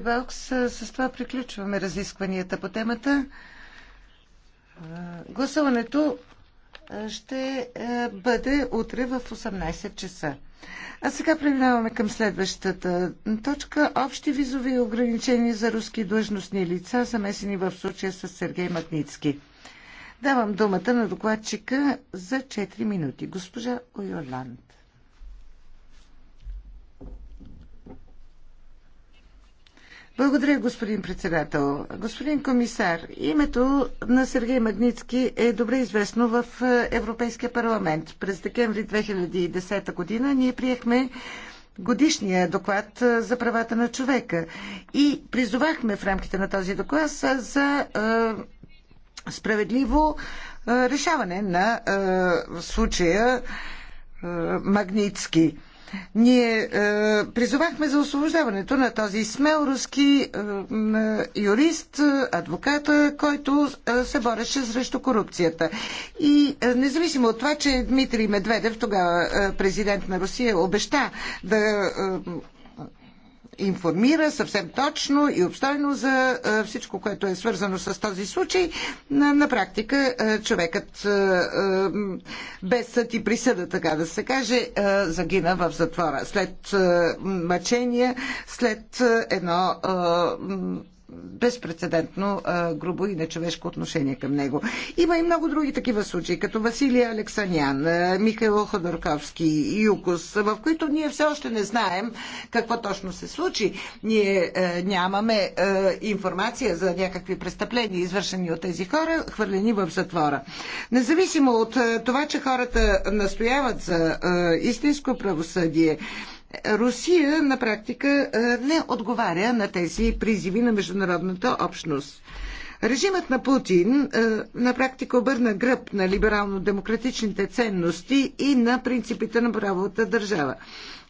Балкс, с това приключваме разискванията по темата. Гласуването ще бъде утре в 18 часа. А сега преминаваме към следващата точка. Общи визови ограничения за руски длъжностни лица, замесени в случая с Сергей Магницки. Давам думата на докладчика за 4 минути. Госпожа Ойоланд. Благодаря, господин председател. Господин комисар, името на Сергей Магницки е добре известно в е, Европейския парламент. През декември 2010 година ние приехме годишния доклад е, за правата на човека и призовахме в рамките на този доклад за е, справедливо решаване на случая Магницки. Ние е, призовахме за освобождаването на този смел руски е, юрист, адвоката, който е, се бореше срещу корупцията. И е, независимо от това, че Дмитрий Медведев, тогава е, президент на Русия, обеща да. Е, информира съвсем точно и обстойно за всичко, което е свързано с този случай. На, на практика човекът без съд и присъда, така да се каже, загина в затвора след мъчения, след едно безпредседентно грубо и нечовешко отношение към него. Има и много други такива случаи, като Василия Алексанян, Михаил Ходорковски, Юкос, в които ние все още не знаем какво точно се случи. Ние нямаме информация за някакви престъпления, извършени от тези хора, хвърлени в затвора. Независимо от това, че хората настояват за истинско правосъдие, Русия на практика е, не отговаря на тези призиви на международната общност. Режимът на Путин е, на практика обърна гръб на либерално-демократичните ценности и на принципите на правовата държава.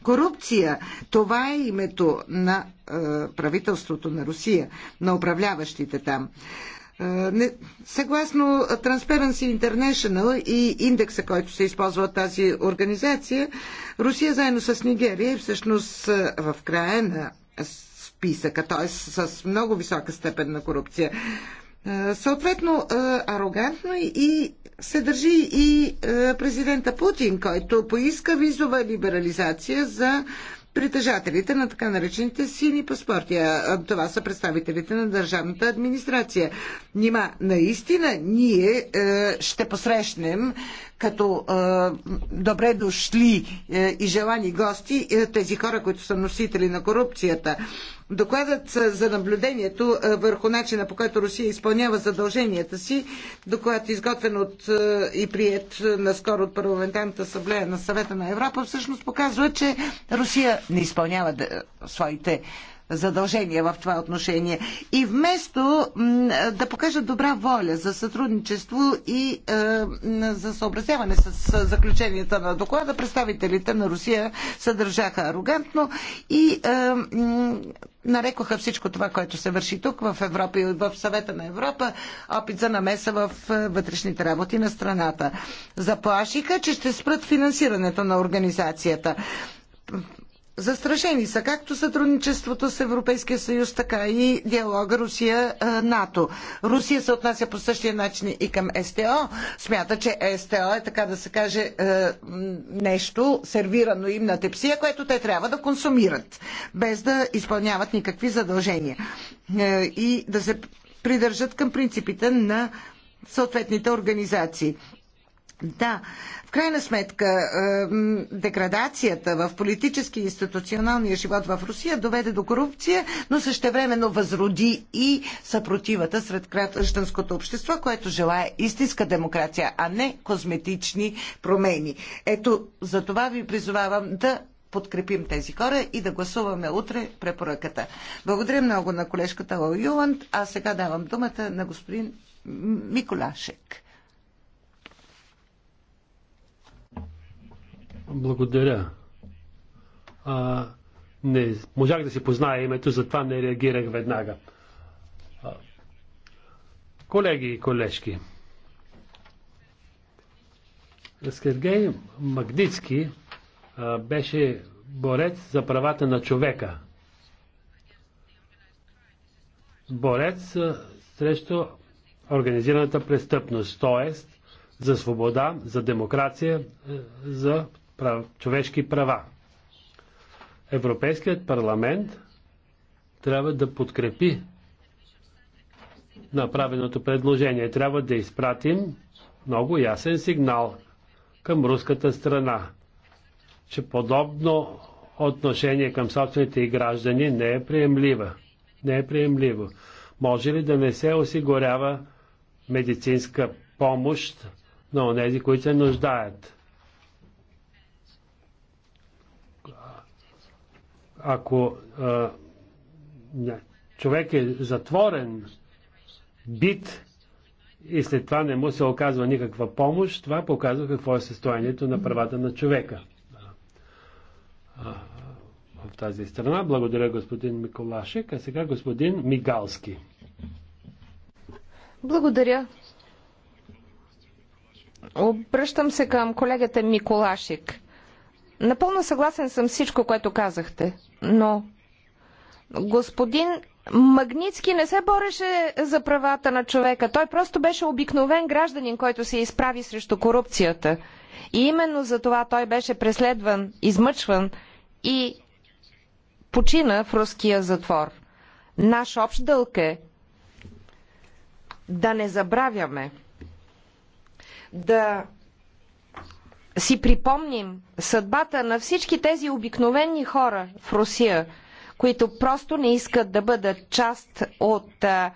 Корупция това е името на е, правителството на Русия, на управляващите там. Е, не, съгласно Transparency International и индекса, който се използва от тази организация, Русия заедно с Нигерия е всъщност е, в края на списъка, т.е. с много висока степен на корупция. Съответно, арогантно и се държи и президента Путин, който поиска визова либерализация за притежателите на така наречените сини паспорти. А това са представителите на държавната администрация. Нима, наистина ние е, ще посрещнем като е, добре дошли е, и желани гости е, тези хора, които са носители на корупцията. Докладът за наблюдението върху начина по който Русия изпълнява задълженията си, доклад изготвен от и прият наскоро от Парламентарната асамблея на съвета на Европа, всъщност показва, че Русия не изпълнява своите задължения в това отношение. И вместо да покажат добра воля за сътрудничество и е, за съобразяване с заключенията на доклада, представителите на Русия съдържаха арогантно и е, нарекоха всичко това, което се върши тук в Европа и в съвета на Европа, опит за намеса в е, вътрешните работи на страната. Заплашиха, че ще спрат финансирането на организацията Застрашени са както сътрудничеството с Европейския съюз, така и диалога Русия-НАТО. Русия се отнася по същия начин и към СТО. Смята, че СТО е, така да се каже, е, нещо сервирано им на тепсия, което те трябва да консумират, без да изпълняват никакви задължения е, и да се придържат към принципите на съответните организации. Да, в крайна сметка деградацията в политически и институционалния живот в Русия доведе до корупция, но същевременно възроди и съпротивата сред гражданското общество, което желая истинска демокрация, а не козметични промени. Ето, за това ви призовавам да подкрепим тези хора и да гласуваме утре препоръката. Благодаря много на колежката Юланд, а сега давам думата на господин Миколашек. Благодаря. А, не можах да си позная името, затова не реагирах веднага. А, колеги и колежки, Сергей Магницки а, беше борец за правата на човека. Борец а, срещу организираната престъпност, т.е. за свобода, за демокрация, за прав, човешки права. Европейският парламент трябва да подкрепи направеното предложение. Трябва да изпратим много ясен сигнал към руската страна, че подобно отношение към собствените и граждани не е приемливо. Не е приемливо. Може ли да не се осигурява медицинска помощ на онези, които се нуждаят? Ако а, човек е затворен, бит и след това не му се оказва никаква помощ, това показва какво е състоянието на правата на човека в тази страна. Благодаря господин Миколашек, а сега господин Мигалски. Благодаря. Обръщам се към колегата Миколашик. Напълно съгласен съм всичко, което казахте, но господин Магницки не се бореше за правата на човека. Той просто беше обикновен гражданин, който се изправи срещу корупцията. И именно за това той беше преследван, измъчван и почина в руския затвор. Наш общ дълг е да не забравяме, да си припомним съдбата на всички тези обикновени хора в Русия, които просто не искат да бъдат част от а,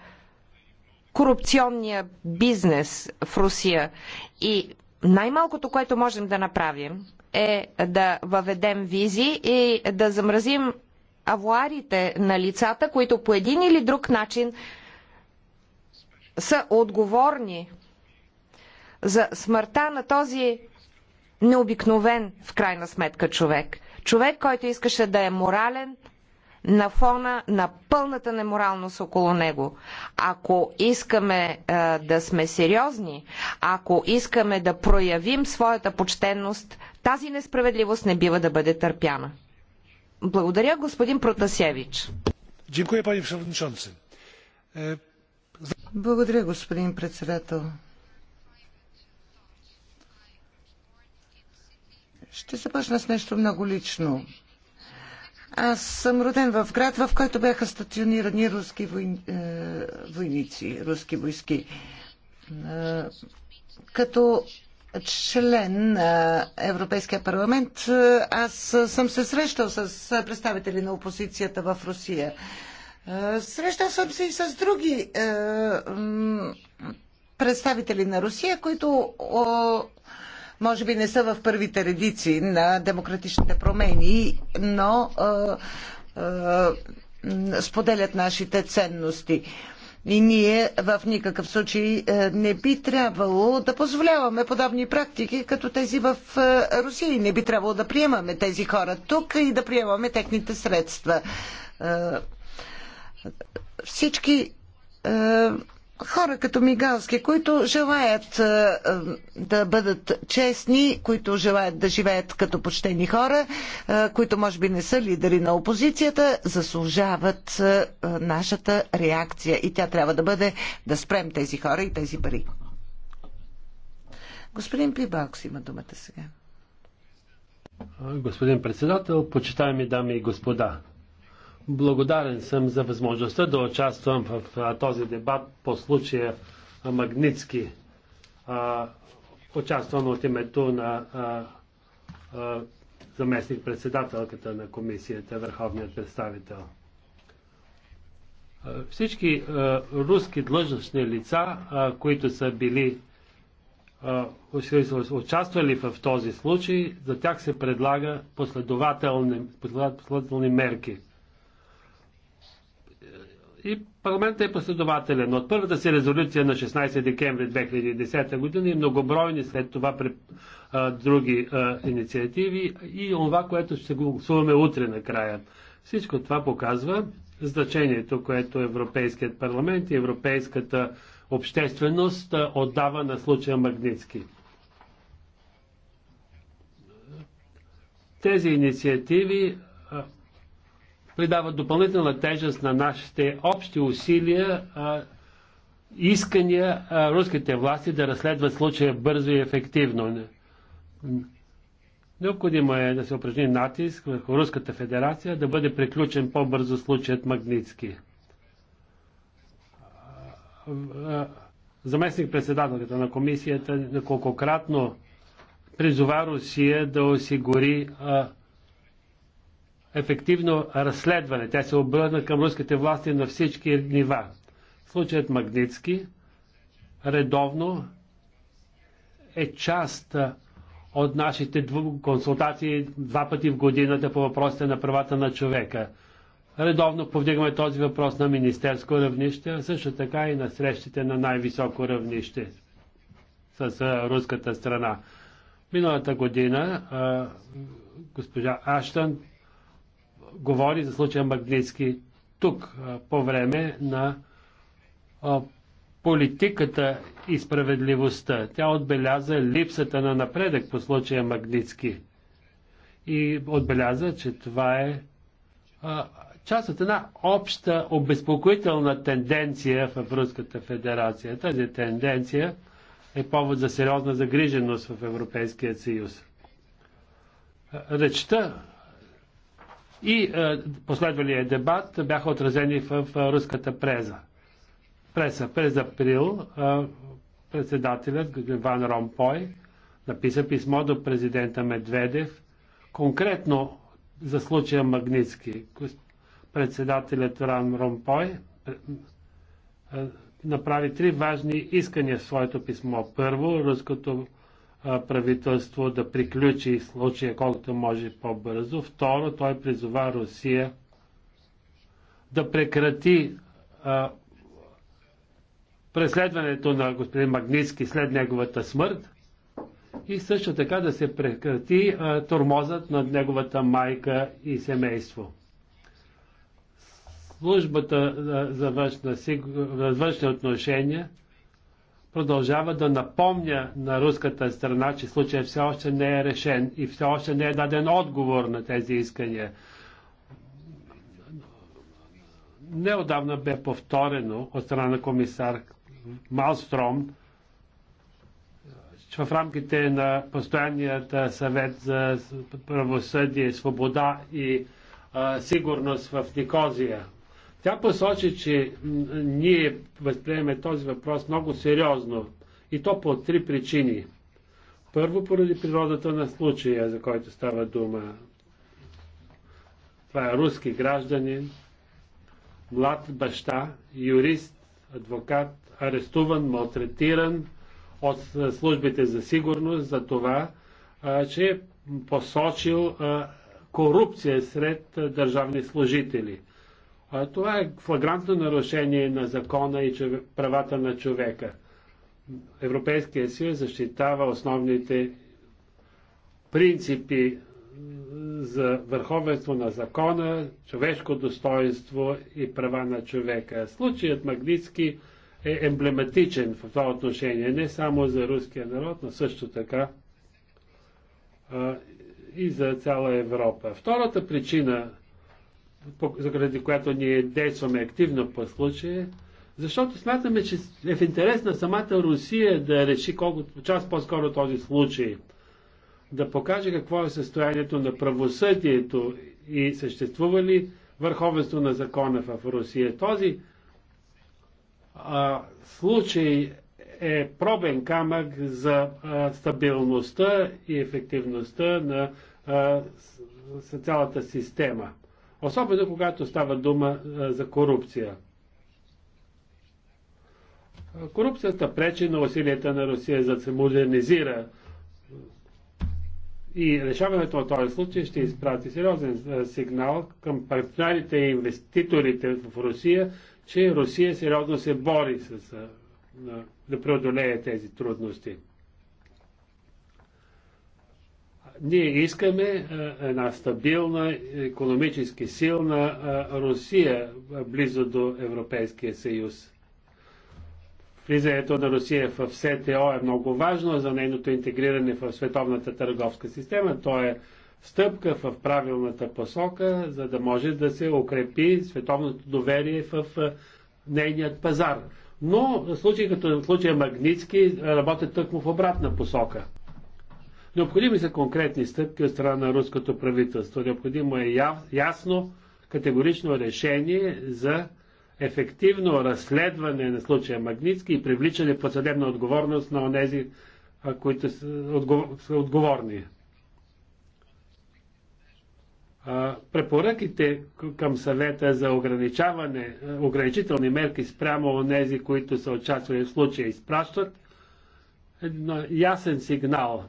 корупционния бизнес в Русия. И най-малкото, което можем да направим, е да въведем визи и да замразим авуарите на лицата, които по един или друг начин са отговорни за смъртта на този необикновен в крайна сметка човек. Човек, който искаше да е морален на фона на пълната неморалност около него. Ако искаме е, да сме сериозни, ако искаме да проявим своята почтенност, тази несправедливост не бива да бъде търпяна. Благодаря, господин Протасевич. Благодаря, господин председател. Ще започна с нещо много лично. Аз съм роден в град, в който бяха стационирани руски войни, е, войници, руски войски. Е, като член на Европейския парламент, аз съм се срещал с представители на опозицията в Русия. Е, срещал съм се и с други е, представители на Русия, които може би не са в първите редици на демократичните промени, но споделят нашите ценности. И ние в никакъв случай не би трябвало да позволяваме подобни практики, като тези в Русия. И не би трябвало да приемаме тези хора тук и да приемаме техните средства. Всички хора като Мигалски, които желаят е, е, да бъдат честни, които желаят да живеят като почтени хора, е, които може би не са лидери на опозицията, заслужават нашата реакция. И тя трябва да бъде да спрем тези хора и тези пари. Господин Пибалкс има думата сега. Господин председател, почитаеми дами и господа, Благодарен съм за възможността да участвам в този дебат по случая Магницки. Участвам от името на заместник-председателката на комисията, върховният представител. Всички руски длъжностни лица, които са били участвали в този случай, за тях се предлага последователни, последователни мерки. И парламентът е последователен. От първата си резолюция на 16 декември 2010 година и многобройни след това при, а, други а, инициативи и това, което ще гласуваме утре накрая. Всичко това показва значението, което Европейският парламент и Европейската общественост отдава на случая Магницки. Тези инициативи придават допълнителна тежест на нашите общи усилия, а, искания а, руските власти да разследват случая бързо и ефективно. Необходимо е да се упражни натиск върху Руската федерация да бъде приключен по-бързо случаят Магницки. Заместник председателката на комисията неколкократно призова Русия да осигури а, ефективно разследване. Тя се обърна към руските власти на всички нива. Случаят Магницки редовно е част от нашите консултации два пъти в годината по въпросите на правата на човека. Редовно повдигаме този въпрос на министерско равнище, а също така и на срещите на най-високо равнище с руската страна. Миналата година госпожа Аштън говори за случая Магницки тук по време на политиката и справедливостта. Тя отбеляза липсата на напредък по случая Магницки и отбеляза, че това е част от една обща обезпокоителна тенденция в Руската федерация. Тази тенденция е повод за сериозна загриженост в Европейския съюз. Речта и е, последвалия дебат бяха отразени в е, руската преза. Преса през април е, председателят Ван Ромпой написа писмо до президента Медведев конкретно за случая Магницки. Председателят Ран Ромпой направи три важни искания в своето писмо. Първо, руското правителство да приключи случая колкото може по-бързо. Второ, той призова Русия да прекрати а, преследването на господин Магницки след неговата смърт и също така да се прекрати а, тормозът над неговата майка и семейство. Службата за външни отношения продължава да напомня на руската страна, че случай все още не е решен и все още не е даден отговор на тези искания. Неодавна бе повторено от страна на комисар Малстром, че в рамките на постоянният съвет за правосъдие, свобода и а, сигурност в Никозия, тя посочи, че ние възприемаме този въпрос много сериозно и то по три причини. Първо, поради природата на случая, за който става дума. Това е руски гражданин, млад баща, юрист, адвокат, арестуван, малтретиран от службите за сигурност за това, че е посочил корупция сред държавни служители – а, това е флагрантно нарушение на закона и човек, правата на човека. Европейския съюз защитава основните принципи за върховенство на закона, човешко достоинство и права на човека. Случаят Магницки е емблематичен в това отношение, не само за руския народ, но също така а, и за цяла Европа. Втората причина заради която ние действаме активно по случая, защото смятаме, че е в интерес на самата Русия да реши колко част по-скоро този случай, да покаже какво е състоянието на правосъдието и съществува ли върховенство на закона в Русия. Този а, случай е пробен камък за а, стабилността и ефективността на а, с, с цялата система. Особено когато става дума за корупция. Корупцията пречи на усилията на Русия за да се модернизира и решаването на този случай ще изпрати сериозен сигнал към партньорите и инвеститорите в Русия, че Русия сериозно се бори с, да преодолее тези трудности. Ние искаме една стабилна, економически силна Русия близо до Европейския съюз. Влизането на Русия в СТО е много важно за нейното интегриране в световната търговска система. То е стъпка в правилната посока, за да може да се укрепи световното доверие в нейният пазар. Но случай като случая Магницки работят тъкмо в обратна посока – Необходими са конкретни стъпки от страна на руското правителство. Необходимо е ясно, категорично решение за ефективно разследване на случая Магницки и привличане по съдебна отговорност на онези, които са отговорни. Препоръките към съвета за ограничаване, ограничителни мерки спрямо онези, които са участвали в случая, изпращат ясен сигнал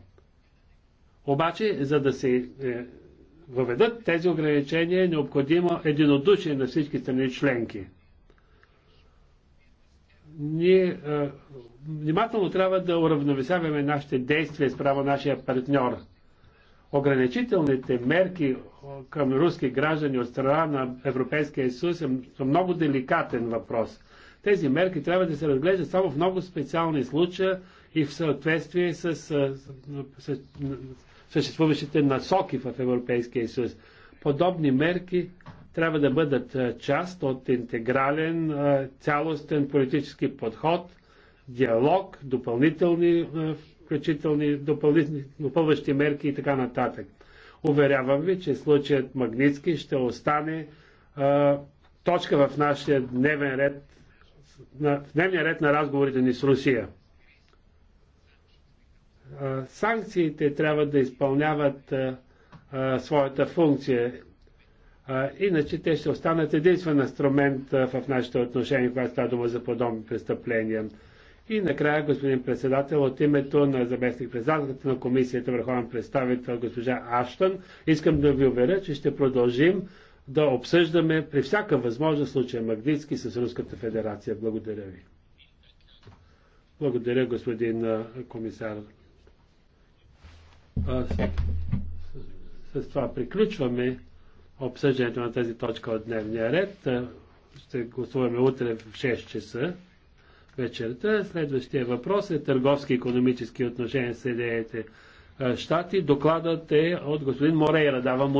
обаче, за да се е, въведат тези ограничения, е необходимо единодушие на всички страни членки. Ние е, внимателно трябва да уравновесяваме нашите действия справа нашия партньор. Ограничителните мерки е, към руски граждани от страна на Европейския съюз е много деликатен въпрос. Тези мерки трябва да се разглеждат само в много специални случаи и в съответствие с, с, с съществуващите насоки в Европейския съюз. Подобни мерки трябва да бъдат част от интегрален, цялостен политически подход, диалог, допълнителни, включителни, допълнителни, допълващи мерки и така нататък. Уверявам ви, че случаят Магницки ще остане а, точка в нашия дневен ред, на, в дневния ред на разговорите ни с Русия санкциите трябва да изпълняват своята функция. Иначе те ще останат единствен инструмент в нашите отношения, когато става дума за подобни престъпления. И накрая, господин председател, от името на заместник председателката на комисията Върховен представител госпожа Аштън, искам да ви уверя, че ще продължим да обсъждаме при всяка възможна случай Магдитски с Руската федерация. Благодаря ви. Благодаря, господин комисар с, с това приключваме обсъждането на тази точка от дневния ред. Ще гласуваме утре в 6 часа вечерта. Следващия въпрос е търговски и економически отношения с Съединените щати. Докладът е от господин Морейра. Давам му